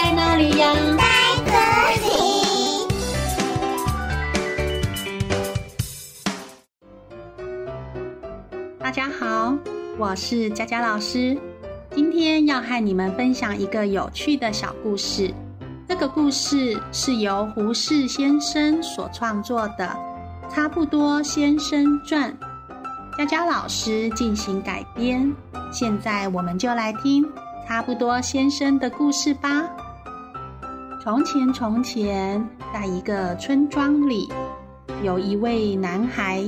在哪裡呀？在這裡。大家好，我是佳佳老師，今天要和你們分享一個有趣的小故事。這個故事是由胡適先生所創作的《差不多先生傳》，佳佳老師進行改編。現在我們就來聽《差不多先生》的故事吧。從前，從前，在一個村莊裡，有一位男孩，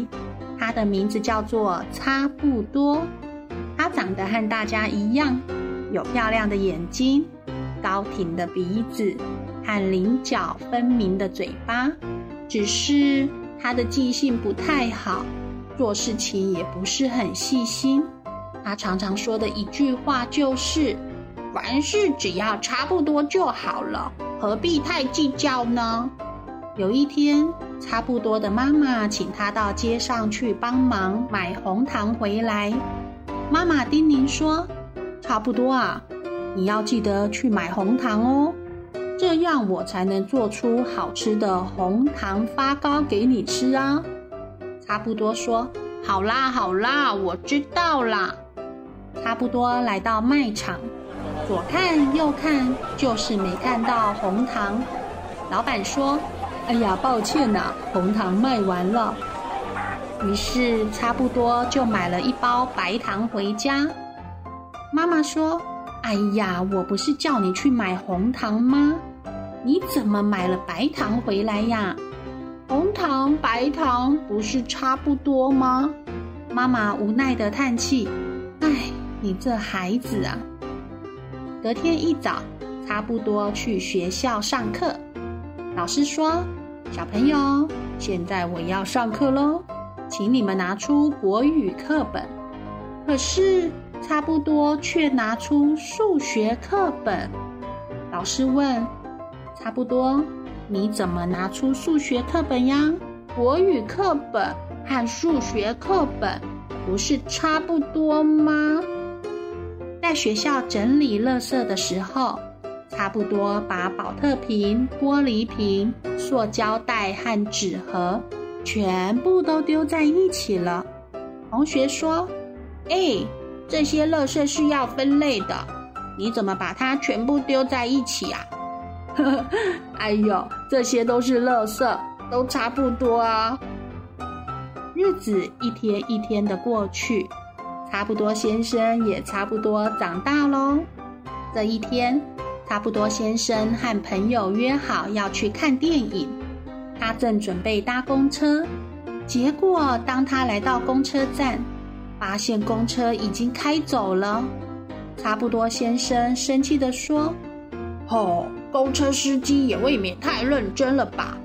他的名字叫做差不多。他長得和大家一樣，有漂亮的眼睛、高挺的鼻子和稜角分明的嘴巴。只是他的記性不太好，做事情也不是很細心。他常常說的一句話就是：“凡事只要差不多就好了。”何必太計較呢？有一天，差不多的媽媽請他到街上去幫忙買紅糖回來。媽媽叮嚀說：“差不多啊，你要記得去買紅糖哦，這樣我才能做出好吃的紅糖發糕給你吃啊。”差不多說：“好啦，好啦，我知道啦。”差不多來到賣場。左看右看，就是沒看到紅糖。老闆說：“哎呀，抱歉吶，紅糖賣完了。”於是差不多就買了一包白糖回家。媽媽說：“哎呀，我不是叫你去買紅糖嗎？你怎麼買了白糖回來呀？紅糖、白糖不是差不多嗎？”媽媽無奈地嘆氣：“哎，你這孩子啊！”隔天一早，差不多去學校上課。老師說：“小朋友，現在我要上課嘍，請你們拿出國語課本。”可是差不多卻拿出數學課本。老師問：“差不多，你怎麼拿出數學課本呀？國語課本和數學課本不是差不多嗎？”在學校整理垃圾的時候，差不多把寶特瓶、玻璃瓶、塑膠袋和紙盒全部都丟在一起了。同學說：“哎、欸，這些垃圾是要分類的，你怎麼把它全部丟在一起啊？”“呵呵，哎呦，這些都是垃圾，都差不多啊。”日子一天一天的過去。差不多先生也差不多長大嘍。這一天，差不多先生和朋友約好要去看電影，他正準備搭公車，結果當他來到公車站，發現公車已經開走了。差不多先生生氣地說：“吼、哦，公車司機也未免太認真了吧？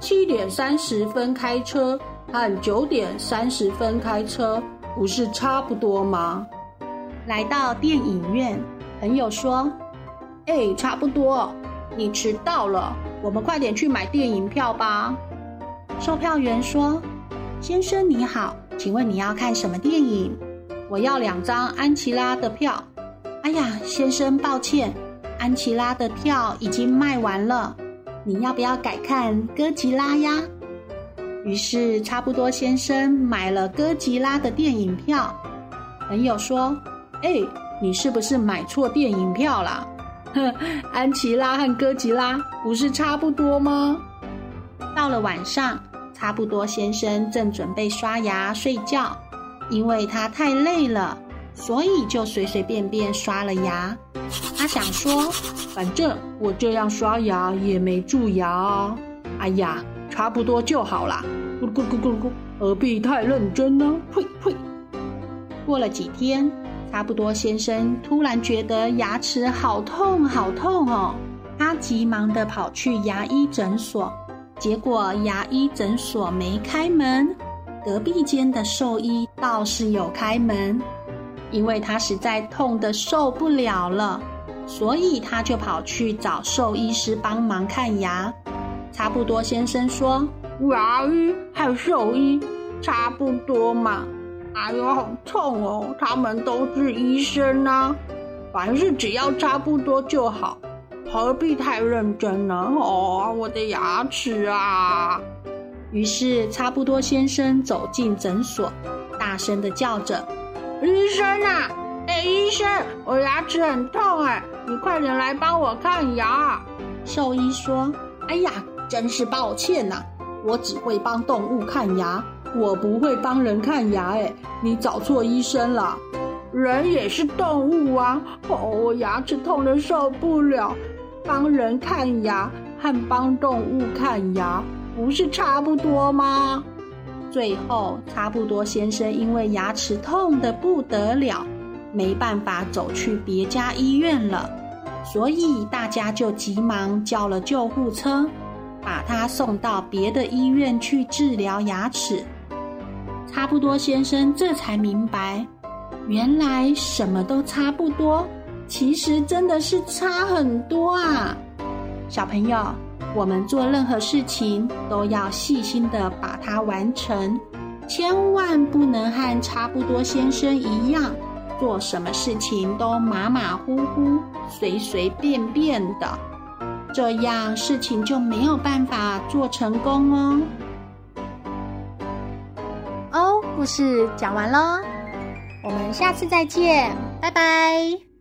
七點三十分開車，和九點三十分開車。”不是差不多嗎？來到電影院，朋友說：“哎、欸，差不多，你遲到了，我們快點去買電影票吧。”售票員說：“先生你好，請問你要看什麼電影？我要兩張安琪拉的票。”哎呀，先生抱歉，安琪拉的票已經賣完了，你要不要改看哥吉拉呀？於是差不多先生買了哥吉拉的電影票。朋友說：“哎，你是不是買錯電影票了？呵，安琪拉和哥吉拉不是差不多嗎？”到了晚上，差不多先生正準備刷牙睡覺，因為他太累了，所以就隨隨便便刷了牙。他想說：“反正我這樣刷牙也沒蛀牙啊！”哎呀。差不多就好啦，咕咕咕咕咕，何必太認真呢、啊？呸呸！過了幾天，差不多先生突然覺得牙齒好痛，好痛哦！他急忙地跑去牙醫診所，結果牙醫診所沒開門，隔壁間的獸醫倒是有開門，因為他實在痛得受不了了，所以他就跑去找獸醫師幫忙看牙。差不多先生說：“牙醫還有獸醫，差不多嘛。哎呦，好痛哦！他們都是醫生啊，凡事只要差不多就好，何必太認真呢？”哦，我的牙齒啊！於是差不多先生走進診所，大聲的叫着：“醫生啊，哎，醫生，我牙齒很痛哎，你快點來幫我看牙。”獸醫說。哎呀，真是抱歉吶、啊！我只會幫動物看牙，我不會幫人看牙。哎，你找錯醫生了。人也是動物啊！哦，我牙齒痛得受不了，幫人看牙和幫動物看牙不是差不多嗎？最後，差不多先生因為牙齒痛得不得了，沒辦法走去別家醫院了。所以大家就急忙叫了救護車，把他送到別的醫院去治療牙齒。差不多先生這才明白，原來什麼都差不多，其實真的是差很多啊！小朋友，我們做任何事情都要細心的把它完成，千萬不能和差不多先生一樣。做什麼事情都馬馬虎虎、隨隨便便的，這樣事情就沒有辦法做成功哦。哦，故事講完咯，我們下次再見，拜拜。